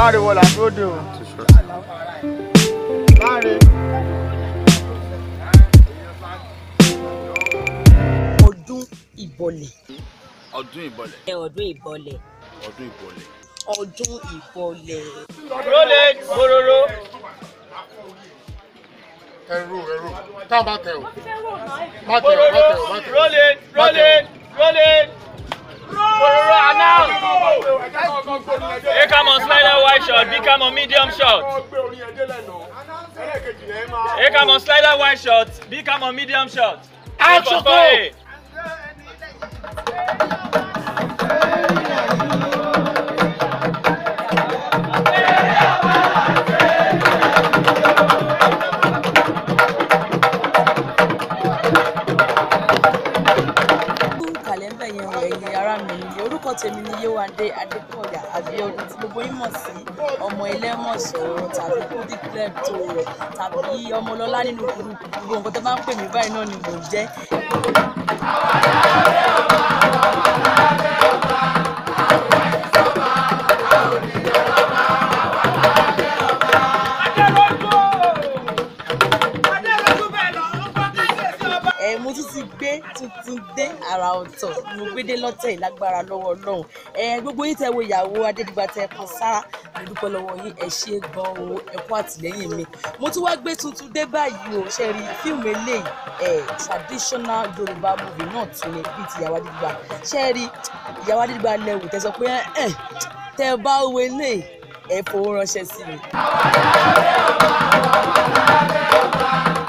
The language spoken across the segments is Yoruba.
Láre wọ làdúró dè o. Láre. Ọdún ìbọlẹ̀. Ọdún ìbọlẹ̀. Ẹ ọdún ìbọlẹ̀. Ọdún ìbọlẹ̀. Ọdún ìbọlẹ̀. Rólé gbòòrò. Ẹ̀rù ẹ̀rù táwọn bá tẹ̀ o. Má tẹ̀ o má tẹ̀ o má tẹ̀ o. Rólé rólé rólé. Ororo announce. Eka mọ slider wide shot, Bika mọ medium shot. Eka mọ slider wide shot, Bika mọ medium shot. Action ọdún tí gbogbo yín mọ̀ sí ọmọ ẹlẹ́mọ̀sọ̀rọ̀ tàbí kúndí club tó tàbí ọmọ nínú gbogbo nǹkan tó bá ń pè mí báyìí náà ni mò ń jẹ́. àrà ọ̀tọ̀ mo gbédé lọ́tẹ̀ ìlágbára lọ́wọ́ ọlọ́run gbogbo yín tẹ wo ìyàwó adédìgbà tẹ kan sára mo dúpẹ́ lọ́wọ́ yín ẹ ṣe gan o ẹ kú àtìlẹ́yìn mi mo tún wá gbé tuntun dé báyìí o ṣe rí fíìmù eléyìí traditional yorùbá movie náà tún ní bíi ti ìyàwó adédìgbà ṣe rí ìyàwó adédìgbà lẹ́wù tẹ sọ pé tẹ bá wo eléyìí ẹ fowó ránṣẹ́ sí mi. àwọn ọmọ ọmọ ọmọ ọmọ ọmọ ọmọ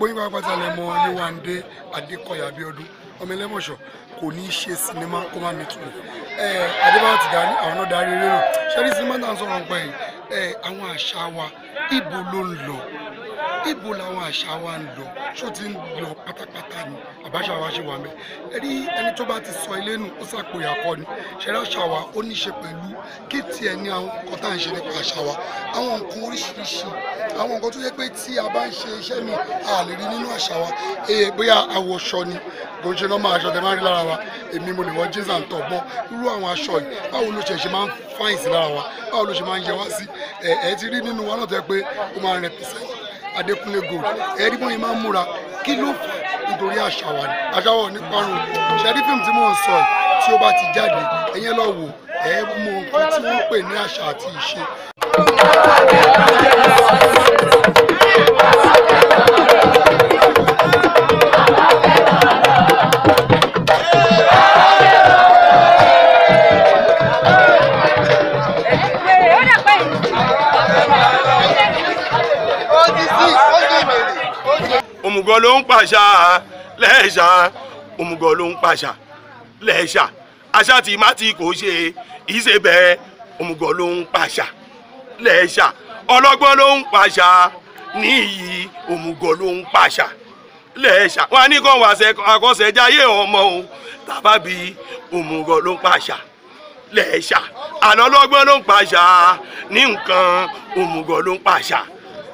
gbogbo yín pátápátá lẹ mọ ní Wándé Adékọ̀yà Abíọ́dún ọmọ ẹlẹ́mọ̀ṣọ́ kò ní í ṣe sinimá kó má mi tù ẹ Adébáyọ̀ Tìjàní àwọn náà darí eré rò ṣẹ́rí sinimá náà sọ̀rọ̀ ń pẹ́ yìí ẹ àwọn àṣà wa ibo ló ń lọ ibo làwọn àṣà wa ń lọ ṣó ti ń lọ pátápátá ni àbáṣà wa ṣe wà mẹ́ ẹ rí ẹni tó bá ti sọ ilé nù ó ṣàpòyà kọ ni ṣẹ́rí àṣà wa ó ní í ṣe pẹ̀lú kí tiẹ̀ ní àwọn nǹkan ń ṣe nípa àṣà wa àwọn nǹkan oríṣiríṣi àwọn nǹkan tó yẹ pé tí a bá ń ṣe iṣẹ́ mi a lè rí nínú àṣà wa ee bóyá àwọ̀ṣọ ni kò ń ṣe lọ́mọ aṣọ tẹ máa ń rí lára wa èmi mo lè wọ jeans and top bọ́ irú àwọn aṣọ yìí báwo ló ṣe ṣe máa ń fáìn sí lára wa báwo ló ṣe máa ń yẹ wá sí ẹ ẹ ti rí nínú wa náà tẹ pé ó máa ń represent Adékúnlé Gold ẹ rí bóyá máa ń múra kí ló fà nítorí àṣà wa ni àṣà wa ní parun ṣẹ́rí fíìmù tí mò ń sọ yìí tí ó bá ti jáde ẹ̀yẹn lọ wò mọ nǹkan tí wọ́n pè ní àṣà àti ìṣe òmùgọ̀ ló ń pàṣà lẹ́ṣà òmùgọ̀ ló ń pàṣà lẹ́ṣà àṣà tí má ti kò ṣe ìṣe bẹ́ẹ̀ òmùgọ̀ ló ń pàṣà lẹ́ṣà ọlọ́gbọ́n ló ń pàṣà níyì òmùgọ̀ ló ń pàṣà lẹ́ṣà wọn á ní kàn wá àkọsẹ̀jáyé ọmọ òun tàbá bí òmùgọ̀ ló ń pàṣà lẹ́ṣà àná ọlọ́gbọ́n ló ń pàṣà ní nǹkan òmùgọ̀ ló ń pàṣà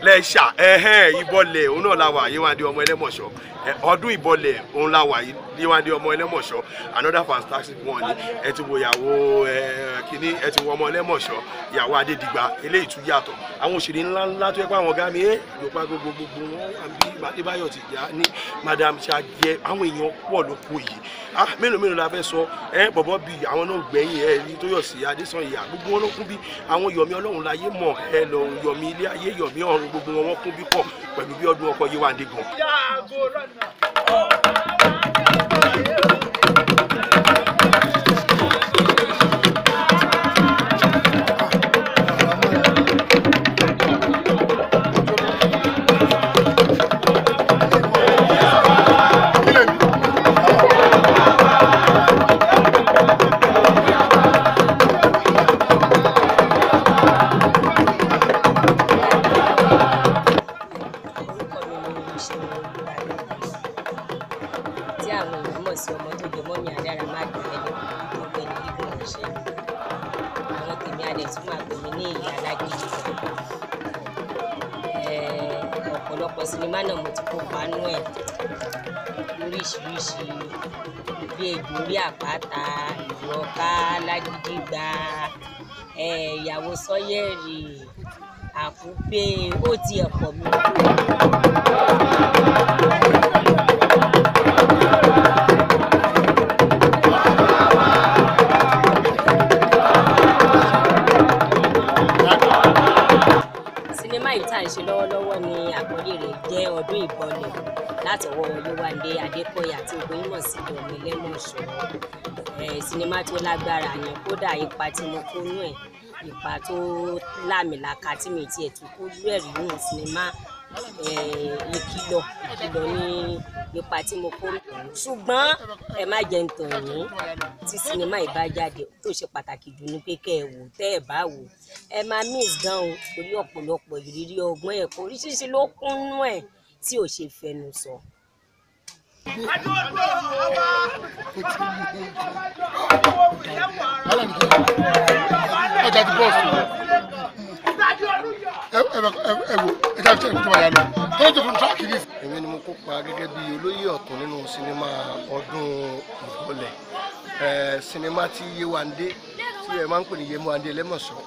lẹ́ṣà ẹ̀hẹ́n ìbọlẹ̀ òun náà la wà yíwájú ọmọ ẹlẹ́mọ̀ṣọ́ Eh, ọdún ìbọlẹ̀ òun la wà yìí níwájú ọmọ ẹlẹ́mọ̀ṣọ́ another fantastic one ni ẹ ti wo ìyàwó eh, kínní ẹ ti wo ọmọ ẹlẹ́mọ̀ṣọ́ ìyàwó adédìgbà eléyìí tún yàtọ̀ àwọn òṣèré ńlá ńlá tó yẹ pé àwọn ọ̀gá mi eh, yorùbá gbogbo gbogbo wọn wà bí adébáyọ̀ ti yá ní madam chagie, àwọn èèyàn pọ̀ ló kó yìí ah mélòó mélòó la fẹ́ sọ ẹ bọ̀bọ̀ bí àwọn náà gbẹ̀yìn ẹ ní tóyọ̀sí adésànyà ah, gbogbo wọn ló kún bí àwọn yọ̀mí ọlọ́run láyé mọ̀ ẹ lọ́run yọ̀mí ilé ayé yọ̀mí ọ̀run gbogbo wọn kún bí pọ̀ pẹ̀lú bí ọdún ọkọ yìí wà ń dé oríṣiríṣi bí ejò orí àpáta ìlú ọká lágídígba ìyàwó sọyẹrì àkúpè ó tiẹ̀ pọ̀ mí. jẹ́ ọdún ìbọnẹ̀ látọwọ́ Olúwándé Adékọ̀yà tí gbogbo yín mọ̀ sí Yomi Lẹ́mọ̀ọ́ṣọ́ sinimá tó lágbára ni kódà ipa tí mo kó nú ẹ̀ ipa tó lámìlaka tí mi tiẹ̀ tún kó lú ẹ̀rí nù sinimá ìkìlọ̀ ìkìlọ̀ ní ipa tí mo kó ṣùgbọ́n ẹ má jẹ́ ń tàn yín tí sinimá ìbá jáde tó ṣe pàtàkì jù ní pé kẹ́ ẹ wò tẹ́ ẹ bá wò ẹ máa miss gan o torí ọ̀pọ̀lọpọ̀ ìrírí ọgbọ́n ẹ̀kọ́ oríṣiríṣi ló kúnnú ẹ̀ tí ò ṣe fẹnu sọ. ọjà ti bọ́ọ̀sì ẹwọ ẹja tí ẹkú tó wà yà lọ tẹ́lẹ̀ tó fún tíráàkì yìí. èmi ni mo kópa gẹ́gẹ́ bí olóyè ọ̀tún nínú sinimá ọdún ìbọ̀lẹ̀ sinimá tí Yéwándé tí ẹ máa ń pè ní Yéwándé lẹ́mọ̀sọ́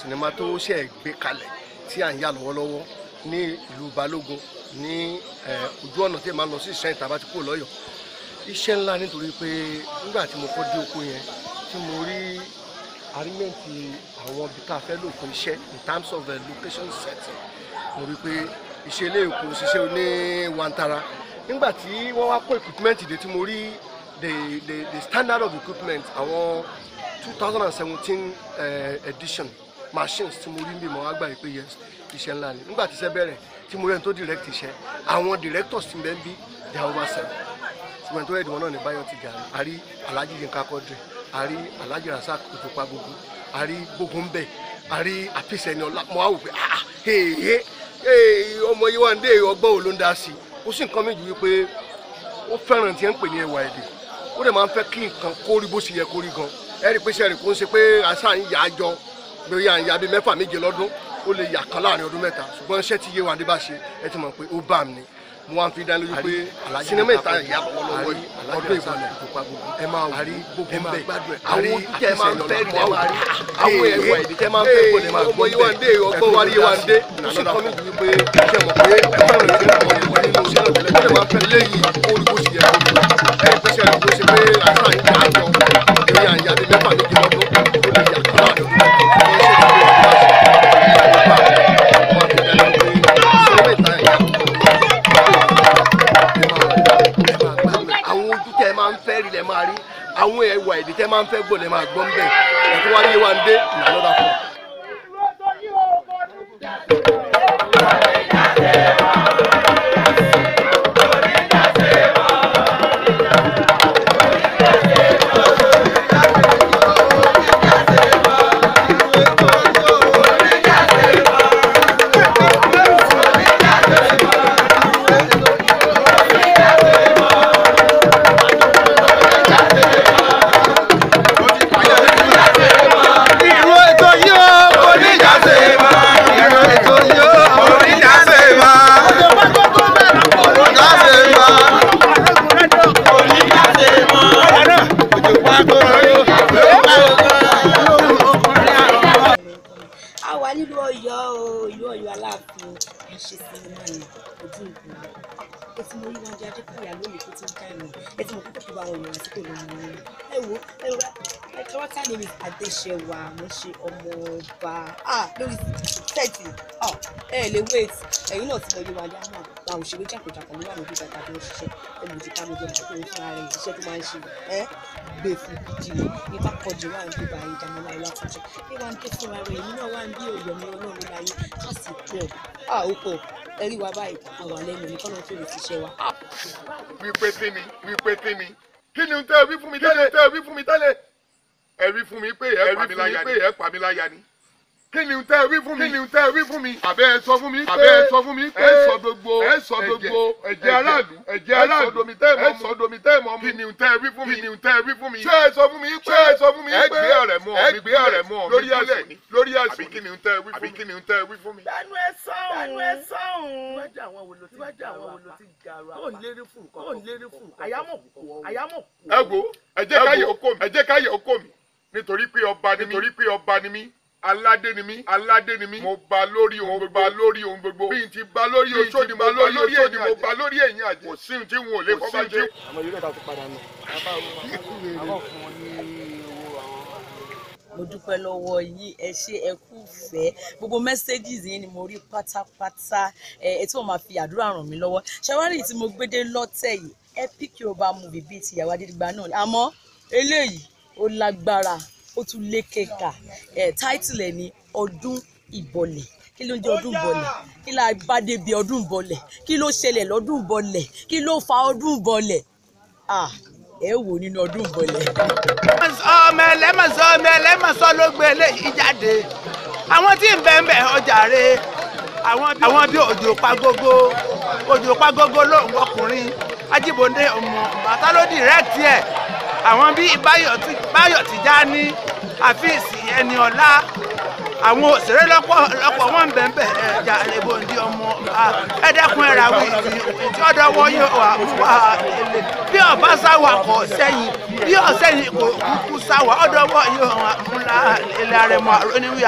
sinimá tó ṣe gbé kalẹ̀ tí à ń yà lọ́wọ́lọ́wọ́ ní ìlú Balógun ní ojú ọ̀nà tí ẹ máa lọ sí ìṣẹ́ ìtàbá tí kò lọ́yọ̀ iṣẹ́ ńlá nítorí pé nígbà tí mo kọ́ dé oko yẹn tí mo rí arrangement àwọn bí ká fẹ́ lò fún iṣẹ́ in terms of the eh, location setting mo rí i pé iṣẹ́ ilé ìkó ṣiṣẹ́ oní wantara nígbà tí wọ́n wá kó equipment dé tí mo rí the the the standard of equipment àwọn two thousand and seventeen eh, edition machines tí mo rí níbi mo wá gbà yìí pé yes iṣẹ́ ńlá ni nígbà tí iṣẹ́ bẹ̀rẹ̀ tí mo rí ẹni tó direct iṣẹ́ àwọn directors ti bẹ́ẹ̀ bí they are over seven ṣùgbọ́n tó yẹ ìdìbò náà ní báyọ̀ ti gà àrí Alhaji Yinka Quadri a rí alhaji rasak òtòpá gbogbo a rí gbogbo ń bẹ a rí àfẹsẹ̀ni ọ̀la mo wá wò ah heye heye ọmọ yìí wà ń dé ọgbọ́n wo ló ń dá sí i ó sì nǹkan méjì wípé ó fẹ́ràn tí ń pè ní ẹwà èdè ó dẹ̀ máa ń fẹ́ kí nǹkan kórí bó sì yẹ kórí gan ẹ rí i pé sẹ́rì kò ń ṣe pé àṣà ń yà á jọ bí yà ń yà bí mẹ́fà méje lọ́dún ó lè yà kan láàrin ọdún mẹ́ta ṣùgbọ́n iṣẹ́ tí yé wa dé bá ṣe ẹ ti mọ̀ pé ó bá mi ni mo wá ń fi dá lójú pé sinimá ìta ìyá bọ̀ lọ́wọ́ yìí ọdún ìbọnà ẹ máa wò ẹ máa gbádùn ẹ àwọn oníjẹ máa ń fẹ́ lẹ́ wà rí àwọn ẹ̀wọ̀ ìdíjẹ máa ń fẹ́ kó lè máa gbọ́ yìí wà ń dé ọgbọ́n wá rí yìí wà ń dé ó sì kọ́ mi pé ṣe mọ̀ pé ẹ máa rìn sí àwọn nínú iṣẹ́ náà tẹ́lẹ̀ máa fẹ́ lẹ́yìn olùkóṣìyẹ ẹ pèsè àìkóṣe pé àṣà ìjà àjọ máa ń fẹ́ gbọ́ lẹ́ máa gbọ́ ń bẹ̀ ẹ̀ tó wá yé wa ń dé ìlànà name is Adéṣẹwà Àmúṣe ọmọọba ah lórí tẹ́tì ah ẹ lè wait ẹ̀yin náà ti mọ Yéwándé àmọ́ àgbà òṣèré jàkọ̀jàkọ̀ ló tó ń ṣiṣẹ́ ẹ̀ lòdì ká lójú tó ń fún ara ẹ̀ tó máa ń ṣe ẹ̀ gbé fún jìnnà nípa kọjú wà níbi bàyí ìdámọ́lá ìlàkọjá níwà ń ké fúnra rẹ̀ èmi náà wà ń bí òyòmí ọlọ́run láyé káàsì twelve ah ó pọ̀ wa báyìí àwa lẹ́nu ah, mi ẹ wí fún mi pé ẹ pa mí láyà ni kí ni tẹ́ wí fún mi kí ni tẹ́ wí fún mi àbẹ́ ẹ sọ fún mi pé àbẹ́ ẹ sọ fún mi pé ẹ sọ gbogbo ẹ sọ gbogbo ẹ̀jẹ̀ aráàlú ẹ̀jẹ̀ aráàlú ẹ sọ domi tẹ́ mọ́ mu ẹ sọ domi tẹ́ mọ́ mu kí ni tẹ́ wí fún mi kí ni tẹ́ wí fún mi ṣé ẹ sọ fún mi pé ẹ sọ fún mi pé ẹ gbé ọ̀rẹ́ mọ́ mi gbé ọ̀rẹ́ mọ́ mi lórí ẹ̀sùn lórí ẹ̀sùn àbí kí ni tẹ́ wí fún mi àbí kí ni mi nítorí pé ọba ni mí nítorí pé ọba ni mí aládé ni mí aládé ni mí mo ba lórí ohun gbogbo ba lórí ohun gbogbo bí n ti ba lórí oṣó ni mo ba lórí oṣó ni mo ba lórí ẹ̀yìn àjẹ́ kò sí ohun tí n ò lè kọ́ bá jẹ́. àwọn ìlú ẹ̀ka ti padà nù. mo dúpẹ́ lọ́wọ́ yín ẹ ṣé ẹ kú fẹ́ gbogbo messages yín ni mo rí pátápátá ẹ tí wọ́n máa fi àdúrà ràn mí lọ́wọ́ ṣàwárí tí mo gbé dé lọ́tẹ̀ yìí epic yorùbá movie bíi ti ìyàwó adédìgbà náà àmọ́ eléyìí ó lágbára ó tún lékeka ẹ̀ táìtìlì ẹ̀ ní ọdún ìbọ̀lẹ̀ kí ló ń jẹ́ ọdún bọ̀lẹ̀ kí la bá débi ọdún bọ̀lẹ̀ kí ló ṣẹlẹ̀ lọ́dún bọ̀lẹ̀ kí ló fa ọdún bọ̀lẹ̀ ah ẹ wò nínú ọdún bọ̀lẹ̀. ọmọ ẹlẹ́mọ̀sọ ọmọ ẹlẹ́mọ̀sọ ló gbé eléyìí jáde àwọn tí ń bẹ́ẹ̀ bẹ́ẹ̀ ọjà re àwọn bí òjò pagogo òjò pagogo lóun ọkùnrin ajíbọ̀dé ọmọ bàtà ló dìrẹ́ẹ̀tì ẹ̀ àwọn bí ìbáyọ̀ tún Báyọ̀ Tìjání àfíìsì ẹni ọ̀la àwọn òṣèré lọ́pọ̀ wọn ń bẹ̀ẹ̀ ẹ̀jà èbò ndí ọmọ ẹ̀ẹ́dẹ́kun ẹ̀ràwí ìtì ọ̀dọ̀ wọn yóò wà wá lè bí ọba sáwà kò sẹ́yìn bí ọ̀sẹ́yìn kò kúkú sáwà ọ̀dọ̀ wọn wà múlá ilé arẹmọ àróníwí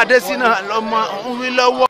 Adésínà lọ́mọ ń wí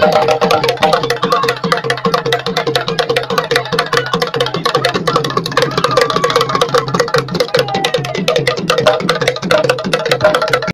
Thank you.